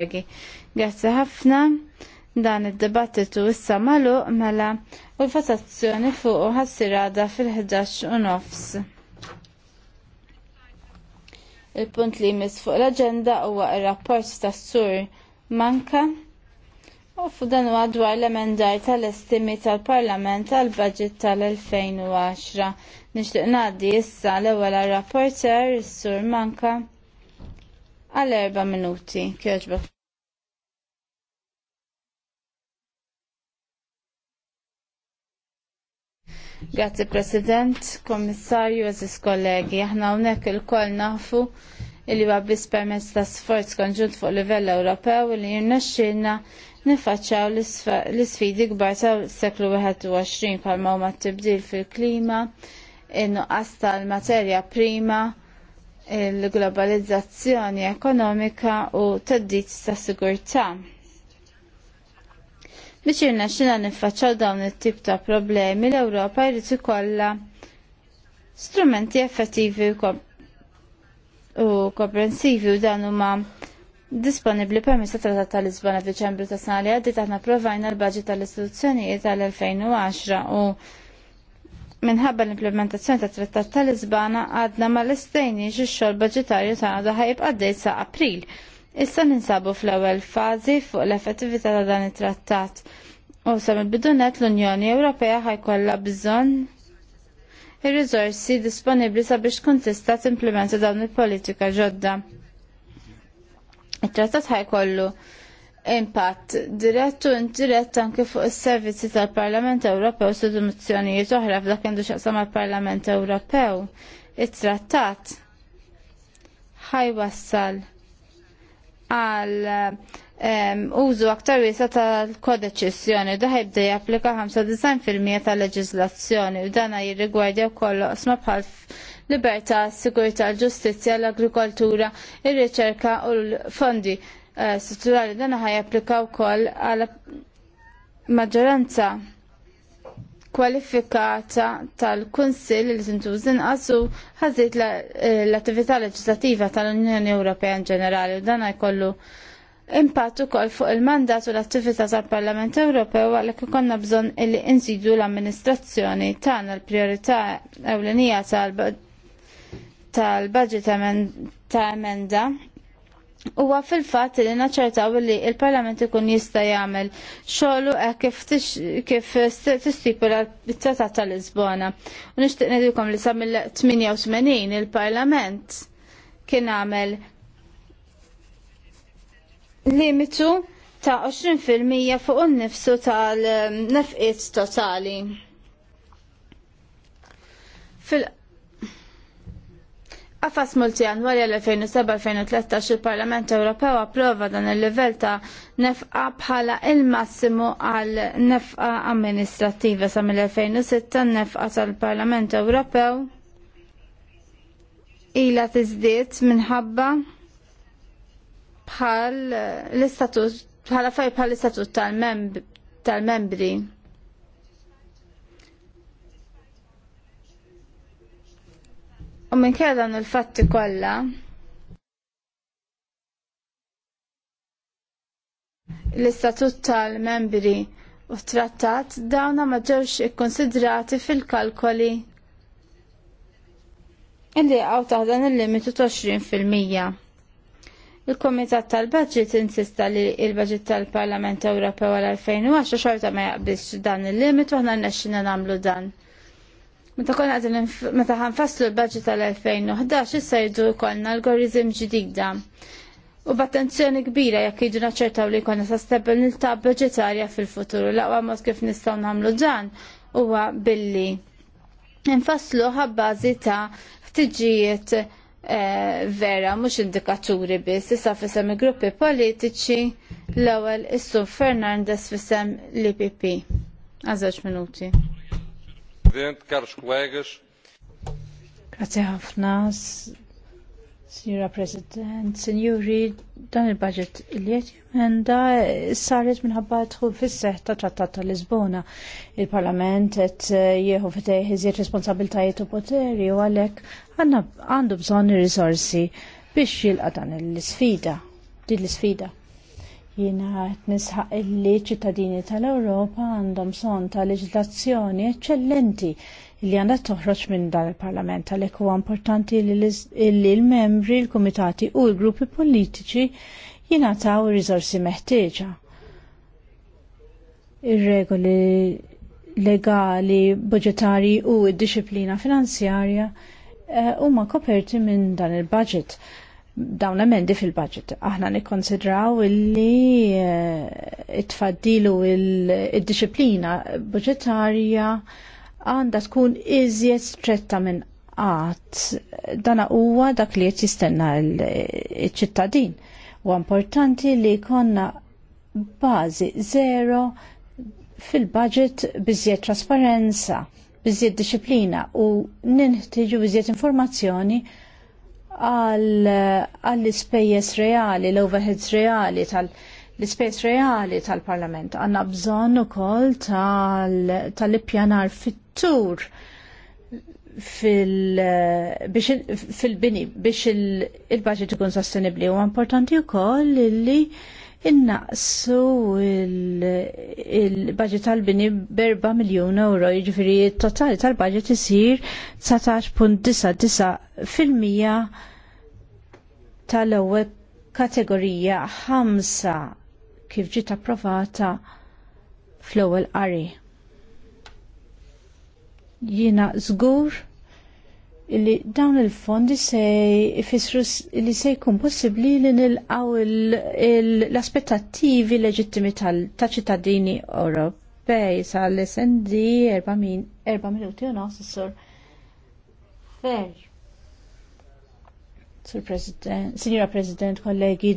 kollegi. Grazzi ħafna dan id debattitu issa magħluq mela u l-votazzjoni fuq ħassirada fil-11 u nofs. Il-punt li jmiss fuq l-aġenda huwa ir-rapport tas sur manka u f'dan huwa dwar l-emendar tal-estimi tal-Parlament tal-Baġit tal-2010. Nixtieq ngħaddi issa l-ewwel rapporter is-sur manka għal erba minuti kieġba. Grazzi President, Komissarju, Aziz kollegi, aħna hawnhekk il-koll nafu il huwa biss permezz ta' sforz konġunt fuq livell Ewropew li jirnexxilna nifacċaw l-isfidi kbar ta' seklu 21 bħalma huma t-tibdil fil-klima, in-nuqqas l materja prima, il-globalizzazzjoni ekonomika u teddit ta' sigurtà. Biex irna xina nifacċaw dawn it-tip ta' problemi l-Ewropa jrid ikollha strumenti effettivi u komprensivi u dan huma Disponibli permess ta' Tratat ta' Lisbona f'Diċembru ta' sena li għaddi taħna provajna l-budget tal-istituzzjonijiet tal-2010 u minħabba l-implementazzjoni ta' trattat tal Lisbana għadna ma l-istejni xol budgetarju tagħna daħ ħajib għaddejt sa' April. Issa ninsabu fl-ewwel fażi fuq l-effettività ta' dan it-trattat. U sa mill-bidunet l-Unjoni Ewropea ħajkollha bżonn ir-riżorsi disponibbli sabiex tkun tista' timplementa dawn il-politika ġodda. It-trattat ħajkollu kollu impatt dirett u indirett anke fuq is-servizzi tal-Parlament Ewropew u soluzzjonijiet oħra f'dak għandu x'aqsam għall parlament Ewropew. It-trattat ħajwassal għal użu aktar wiesa tal-kodeċessjoni da ħibda japplika 95% tal-leġizlazzjoni u dana jirrigwardja kollu osma bħal libertà, sigurtà, l-ġustizzja, l-agrikoltura, ir-riċerka u l-fondi Eh, strutturali dan ħaj applika wkoll għal maġġoranza kwalifikata tal-Kunsill li tintuż inqas u ħażiet eh, l-attività leġislattiva tal-Unjoni Ewropea in ġenerali u dan jkollu impatt ukoll fuq il-mandat u l-attività tal-Parlament Ewropew għalhekk ikonna bżonn illi insidu l-amministrazzjoni tagħna l-prijorità ewlenija tal-budget ta' emenda Huwa fil-fatt li naċċertaw li l parlament ikun jista' jagħmel xogħlu hekk kif tistipu t-Trattat ta' Lisbona. U nixtieq ngħidilkom li sa mill-88 il-Parlament kien għamel limitu ta' 20% fuq un-nifsu tal-nefqiet totali. fil Għafas multi multijanwali l-2007-2013 il-Parlament Ewropew approva dan il-livell ta' nefqa bħala il-massimu għal nefqa amministrativa sa' mill-2006 nefqa tal-Parlament Ewropew ila tizdiet minħabba bħal l-istatut bħala fej bħal l-istatut tal-membri. tal membri U minn dan il-fatti kollha l-istatut tal-membri u trattat dawna ma ġewx ikkonsidrati fil-kalkoli illi għaw taħdan il-limitu 20%. Il-Komitat tal-Budget insista li il-Budget tal-Parlament Ewropew għal-2010 xorta ma jaqbilx dan il-limit u aħna nexxina nagħmlu dan. Meta konna għadin meta ħanfasslu l-budget tal-2011 issa jiddu jkollna algoritm ġdida. U b'attenzjoni kbira jekk jiddu naċċertaw li jkollna nil-ta' budgetarja fil-futur laqwa mod kif nistgħu nagħmlu dan huwa billi nfasslu ħabbażi ta' ħtiġijiet eh, vera mhux indikaturi biss issa fissem il-gruppi politiċi l-ewwel is Fernandez fissem l-IPP. Għażewġ minuti. Presidente, caros colegas. Grazie ħafna, Signora President, Signori, dan il-budget li qed jemenda eh, saret minħabba tħu fis-seħħ ta' Trattat ta' Lisbona. Il-Parlament qed eh, jieħu fitej iżjed responsabiltajiet u poteri u għalhekk għandu bżonn ir-risorsi biex jilqa' dan il isfida din l-isfida. Jiena qed nisħaq illi ċittadini tal-Ewropa għandhom son ta' leġislazzjoni eċċellenti li għandha toħroġ minn dan il-Parlament għalhekk huwa importanti li l-membri, l-kumitati u l-gruppi politiċi jingħataw ir rizorsi meħtieġa. Ir-regoli legali, budgetari u d-disciplina finanzjarja eh, huma koperti minn dan il-budget dawn emendi fil-budget. Aħna nikkonsidraw illi eh, it-tfaddilu il-disciplina budgetarja għanda tkun iżjed stretta minn qatt dana huwa dak li qed jistenna l-ċittadin. U importanti li konna bażi zero fil-budget biżjed trasparenza, biżjed disciplina u ninħtiġu biżjed informazzjoni għall-ispejjeż reali, l-overheads reali tal- l-ispejs reali tal-parlament għanna bżon u tal ippjanar fit fil-bini biex il-budget ikun sostenibli u importanti u koll li innaqsu il-budget tal-bini berba miljon euro, jiġifieri t totali tal-budget isir 19.99 fil-mija tal-ewwel kategorija 5 kif ġiet approvata fl-ewwel qari. Jina zgur illi dawn il-fondi se jfissru li se jkun possibbli li nilqaw l-aspettattivi leġittimi ta' ċittadini Ewropej sa' l-SND 4 minuti u nofs sur Fer. Sur President, Signora President, kollegi,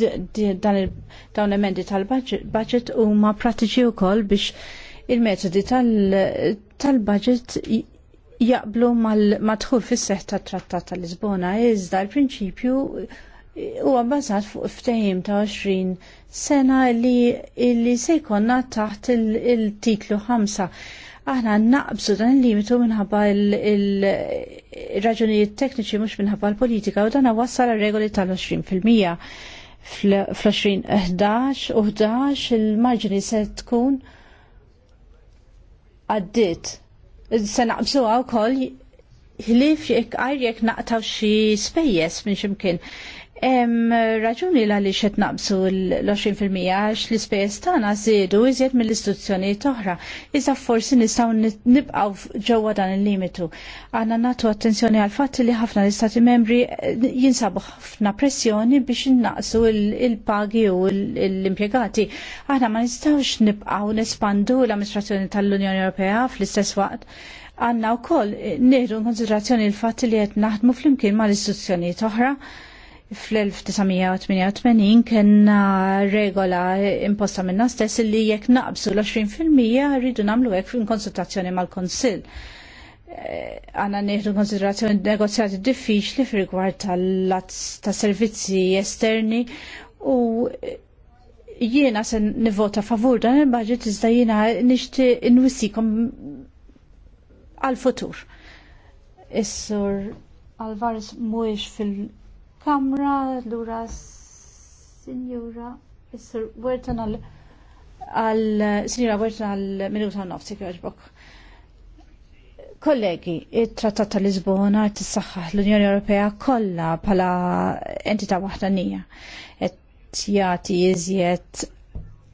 dawn l-emendi tal-budget huma pratiċi wkoll biex il-metodi tal-budget jaqblu mal-madħul fis-seħ tat trattat tal-Lisbona, iżda l-prinċipju huwa bbażat fuq ftehim ta' 20 sena li, li se jkollna taħt il-titlu ħamsa. 5. Aħna naqbsu dan il-limitu minħabba il-raġunijiet tekniċi mhux minħabba l-politika u dan wassal regoli tal-20%. Fl-2011 u 11 il-marġini se tkun għaddit se naqbsu għaw kol ħlif jek għajr jek naqtaw xie spejjes minn ximkien. Em, raġuni la li xet naqbsu l-20% għax l-ispejs tana zidu iżjed mill-istituzzjoni toħra. Iżda forsi nistaw nibqaw ġewwa dan il-limitu. Għanna natu attenzjoni għal fat li ħafna l-istati membri eh, jinsabu ħafna pressjoni biex naqsu il-pagi u l-impiegati. Għanna ma nistawx nibqaw nespandu l-amministrazzjoni tal-Unjoni Ewropea fl-istess waqt għanna u koll eh, nieħdu konsiderazzjoni l fat li qed naħdmu fl-imkien ma l-istituzzjoni toħra fl-1988 kena regola imposta minna stess li jekk naqbsu l-20% rridu namlu jekk fin konsultazzjoni mal-Konsil. Eh, għanna neħdu konsiderazzjoni negozjati diffiċli fi rigward ta' servizzi esterni u jiena se nivota favur dan il-budget iżda jiena nixti nwissikom għal-futur. Is-sur Alvarez mhuwiex fil- kamra lura sinjura Isser Wertan għal għal sinjura Wertan għal minuta nofsi kjoġbok. Kollegi, il-Trattat ta' Lisbona tissaħħaħ l-Unjoni Ewropea kollha bħala wahda nija qed jagħti iżjed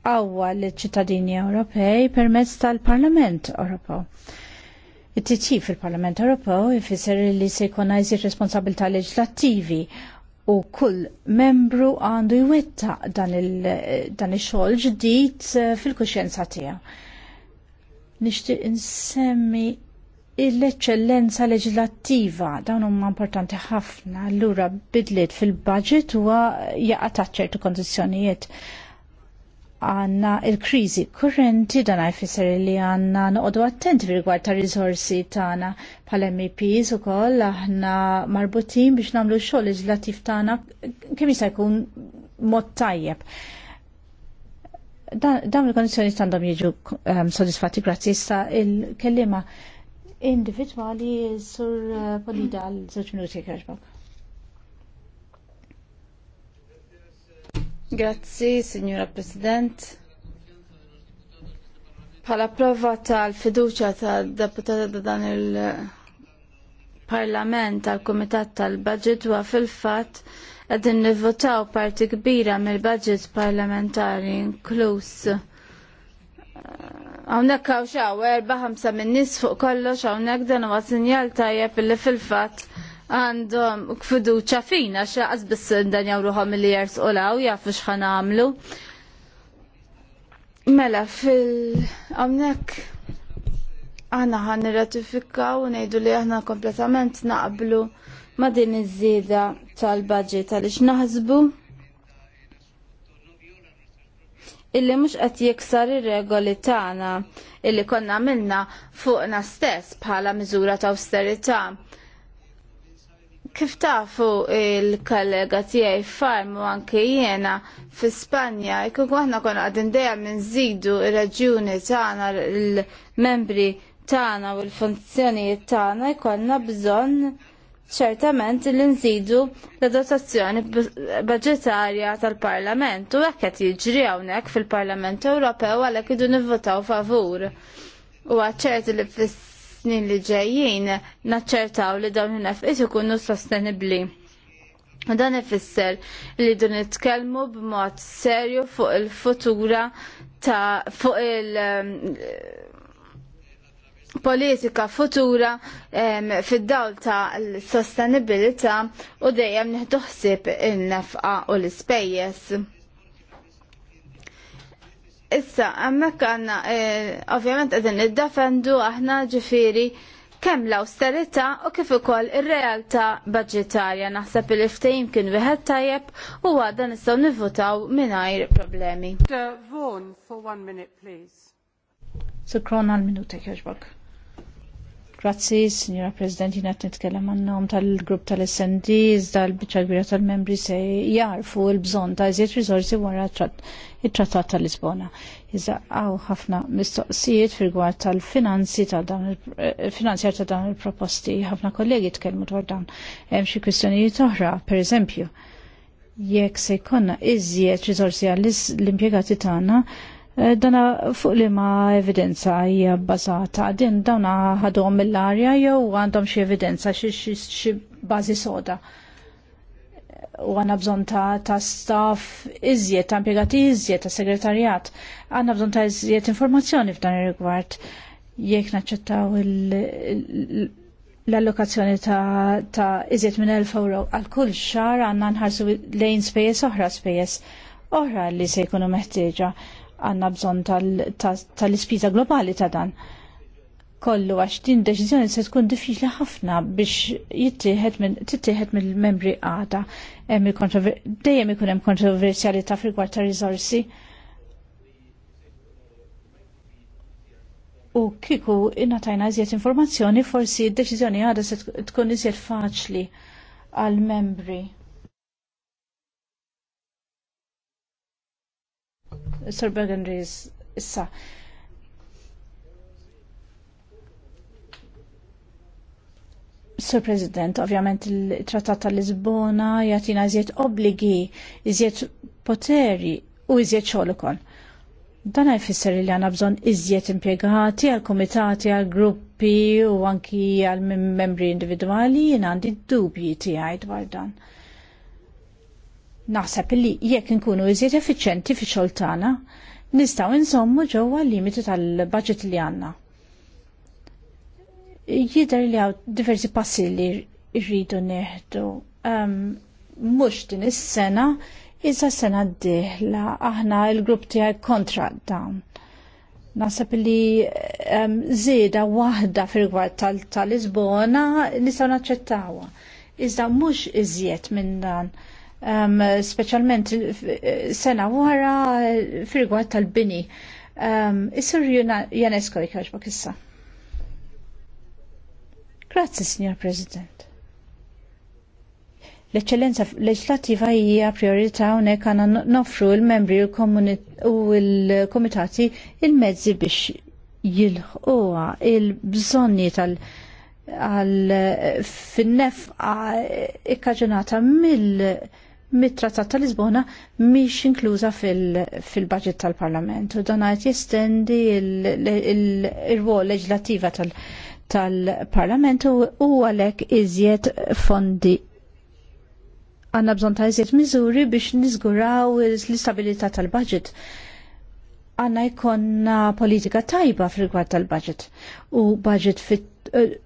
qawwa l ċittadini Ewropej permezz tal-Parlament Ewropew. It-titjib fil-Parlament Ewropew ifisser li se jkun iżjed responsabilità leġislattivi u kull membru għandu jwetta dan il-xogħol ġdid eh, fil kuxenza tija. Nixtieq insemmi l-eċċellenza leġislattiva dawn huma importanti ħafna allura bidliet fil-budget huwa jaqa' taċċertu kondizjonijiet. kondizzjonijiet għanna il-krizi kurrenti dan għajfisser li għanna noqdu attenti rigward ta' rizorsi tagħna pal-MEPs u koll aħna marbutin biex namlu xogħol leġislattiv tagħna kemm jista' jkun mod tajjeb. Dawn il-kondizjoni għandhom jiġu um, sodisfatti grazzi issa il-kellima individwali sur uh, polida għal żewġ minuti kħarġbok. Grazzi, Signora President. Bħala prova tal-fiduċa tal-deputata ta' dan il-Parlament tal-Komitat tal-Budget huwa fil-fatt qegħdin nivvotaw parti kbira mill-budget parlamentari inkluż. Eh, hawnhekk hawn xaw erba' ħamsa min-nies fuq kollox hawnhekk dan huwa sinjal tajjeb illi fil-fatt għandhom fiduċa fina xaqqas biss dan jawruħom li jers u law jafu xħan għamlu. Mela fil-għamnek għana għan ratifika u nejdu li għana kompletament naqblu ma din iż-żieda tal-budget għaliex naħsbu illi mhux qed jiksar ir-regoli tagħna illi konna minna fuqna stess bħala miżura ta' austerita' Kif tafu il-kollega tiegħi farmu anke jiena fi Spanja, jkun aħna konna għadin dejjem nżidu ir-raġuni tagħna il-membri tagħna u l-funzjonijiet tagħna jkollna bżonn ċertament li nżidu la dotazzjoni budgetarja tal-Parlament u hekk qed jiġri hawnhekk fil-Parlament Ewropew għalhekk idu nivvotaw favur. U għacċert li fis snin li ġejjin naċċertaw li dawn il-nefqis ikunu sostenibli. U dan ifisser li dun nitkellmu b'mod serju fuq il-futura ta' fuq il- ehm, politika futura ehm, fid-dawl ta' l-sostenibilità u dejjem neħduħsib in-nefqa u l-ispejjeż. Issa, għammek għanna, eh, ovvjament għedin id-defendu aħna ġifiri kemm l-austerita u kif ukoll ir-realtà budġetarja naħseb il-ftehim kien wieħed tajjeb u għadha nistgħu nivvutaw mingħajr problemi. Vaughan for one minute please. għal minutek Grazzi, Signora President, għat t-nitkellem għannom tal-grupp tal-SND, iżda l gbira tal-membri se jarfu l-bżon ta' iżiet rizorsi wara il-Trattat tal-Lisbona. Iżda għaw ħafna mistoqsijiet fil-gwar tal-finanzi tal-finanzjar ta' dan eh, il-proposti. ħafna kollegi tkellmu dwar dan. Hemm xi kwistjonijiet oħra, per eżempju, jekk se jkollna iżjed rizorsi għall-impjegati tagħna, Eh, dana fuq li ma evidenza hija bbażata din dawna ħadhom mill-arja jew għandhom xi evidenza xi bażi soda. U għanna bżon ta', ta staff iżjed, ta' impiegati iżjed, ta' segretarjat. Għanna bżon ta' iżjed informazzjoni f'dan ir-rigward. Jekk naċċettaw l-allokazzjoni ta', ta iżjed minn 1000 euro għal kull xar għanna nħarsu lejn spejjeż oħra spejjeż oħra li se jkunu meħtieġa għanna bżon tal-ispiża globali ta' dan. Kollu għax din deċiżjoni se tkun diffiċli ħafna biex jittieħed tittieħed mill-membri għada dejjem ikun hemm kontroversjalità fil ta' riżorsi. U kiku tajna iżjed informazzjoni forsi d-deċiżjoni għada se tkun iżjed faċli għal-membri Sir Bergenries issa. Sir President, ovvjament il-Trattat tal-Lisbona jatina iżjed obbligi, iżjed poteri u iżjed xogħol ukoll. Dan jfisser li għandna bżonn iżjed impjegati għal komitati, għal gruppi u anki għal membri individwali jien għandi dubji tiegħi dwar dan. Naħseb li jekk inkunu iżjed effiċenti fi xoltana, nistgħu insommu ġewwa l-limitu tal-budget li għandna. Jidher li hawn diversi passi li rridu neħdu. mhux din is-sena, iżda sena d-dieħla aħna l-grupp tiegħi kontra dawn. Nasab li żieda zida wahda fil tal-Lisbona nistgħu nistaw naċċettawa. Iżda mux iżjed minn dan um, specialment sena wara firgwat tal-bini. Um, Isur Janesko jkaġbak issa. Grazzi, Signor President. L-eccellenza leġislativa hija priorità hawnhekk għandna noffru l-membri u l-komitati il-mezzi biex jilħquha il-bżonni tal- għal fin nef ikkaġenata mill mit-trattat tal-Lisbona miex inkluża fil-budget tal-Parlament. U dan għajt jestendi il-rwol leġlativa tal-Parlament u għalek iżjed fondi għanna bżon ta' iżjed miżuri biex nizguraw l istabilita tal-budget għanna jkonna politika tajba fil-gwad tal-budget u budget fit eh,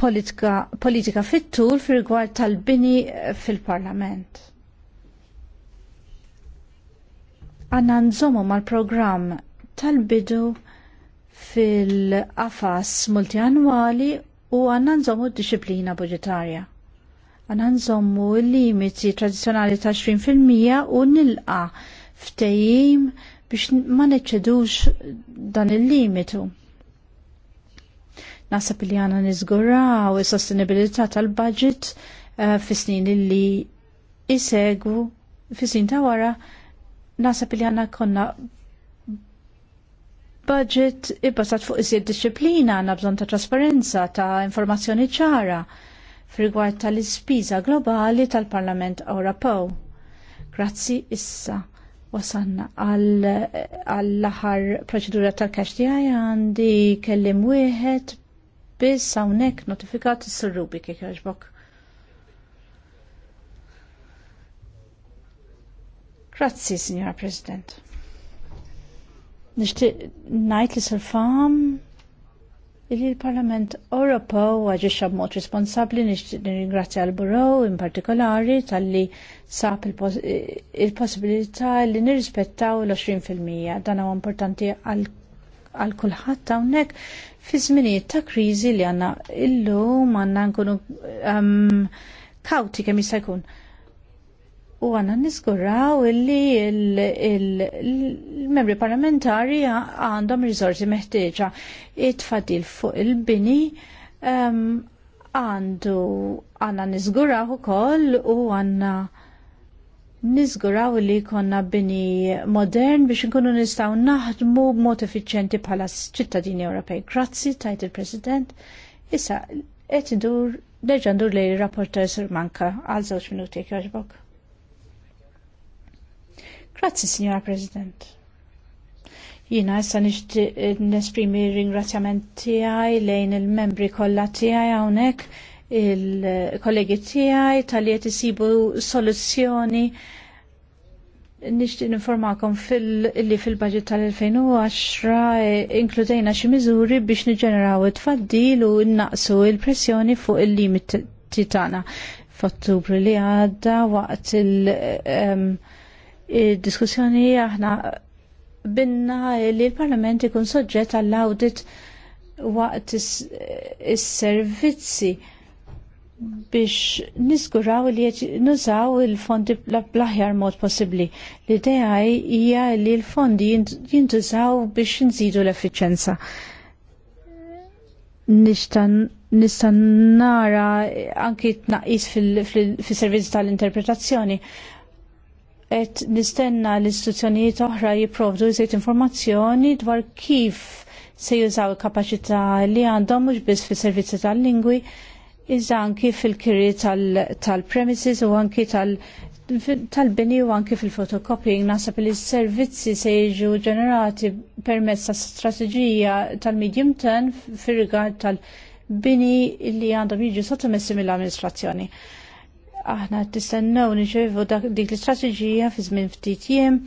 politika, politika fit-tul fil-rigward tal-bini eh, fil-parlament. Għanna nżomu mal-programm tal-bidu fil-qafas multianwali u għanna nżomu disciplina budgetarja. Għanna nżomu l-limiti tradizjonali ta' 20% u nilqa ftejim biex ma neċedux dan il-limitu Nasab li għana nizgura u sostenibilità tal-budget eh, fis-snin li isegwu fis-snin ta' wara nasab li għana konna budget ibbażat fuq iżjed disċiplina għandna bżonn ta' trasparenza ta' informazzjoni ċara f'rigward tal-ispiża globali tal-Parlament Ewropew. Grazzi issa wasanna għall laħar proċedura tal-kaxtijaj għandi kellim wieħed biss hawnhekk notifikat is-Sur kif jogħġbok. Grazzi, Signor President. Nixtieq ngħid li Sirfam Fam li l-Parlament Ewropew għaġixxa b'mod responsabbli nixtieq nirringrazzja l burow in partikolari talli sab il-possibilità li nirrispettaw l-20 fil-mija. Dan huwa importanti għal għal kulħadd hawnhekk fi żminijiet ta' kriżi li għandna illum għandna nkunu um, kawti kemm jista' jkun. U għanna nizguraw illi il-membri parlamentari għandhom rizorsi meħtieġa it-fadil fuq il-bini um, għandu um, għanna ukoll u koll u għanna nizguraw li konna bini modern biex nkunu nistaw naħdmu b'mod effiċenti bħala ċittadini Ewropej. Grazzi, tajt il-President. Issa, qed idur deġan ndur li rapporter Sir Manka għal żewġ minuti jogħġbok. Grazzi, Signora President. Jina issa nesprimi ringrazzjament tijaj lejn il-membri kollha tiegħi hawnhekk il-kollegi tiegħi tal-li jisibu soluzzjoni nixti informakom fil-li fil-budget tal-2010 inkludejna xi miżuri biex niġeneraw it-tfaddil u naqsu il-pressjoni fuq il-limit titana. F'Ottubru li għadda waqt ehm, il-diskussjoni aħna binna li l-Parlament ikun soġġett għall-audit waqt is-servizzi. is servizzi biex niskuraw li nużaw il-fondi bl-aħjar mod possibli. L-idea hija li l-fondi jintużaw biex nżidu l-effiċenza. Nista' nara anki tnaqqis fil-servizz tal-interpretazzjoni. Et nistenna l-istituzzjonijiet oħra jipprovdu jżejt informazzjoni dwar kif se jużaw il-kapacità li għandhom mhux biss fis-servizzi tal-lingwi, iżda anki fil-kiri tal-premises u anki tal- bini u anki fil-fotokopying nasab li s-servizzi se jiġu ġenerati permezz ta' strategija tal-medium term fir-rigard tal-bini li għandhom jiġu sottomessi mill-amministrazzjoni. Aħna t-istennaw niġevu dik l strategija fi żmien ftit jiem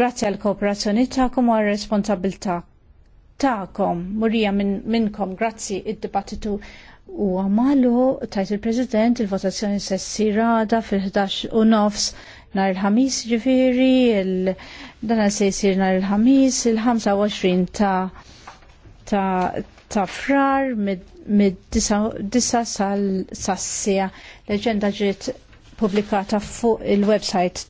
grazzi għal kooperazzjoni ta'kom u għal responsabilta ta'kom, murija minnkom, grazzi id-dibattitu u għamalu tajt il-President il-votazzjoni rada fil-11 u nofs nar il-ħamis ġifiri, dan se jisir nar il-ħamis il-25 ta' ta' ta' frar mid 9 sal-sassija. Leġenda ġiet publikata fuq il-website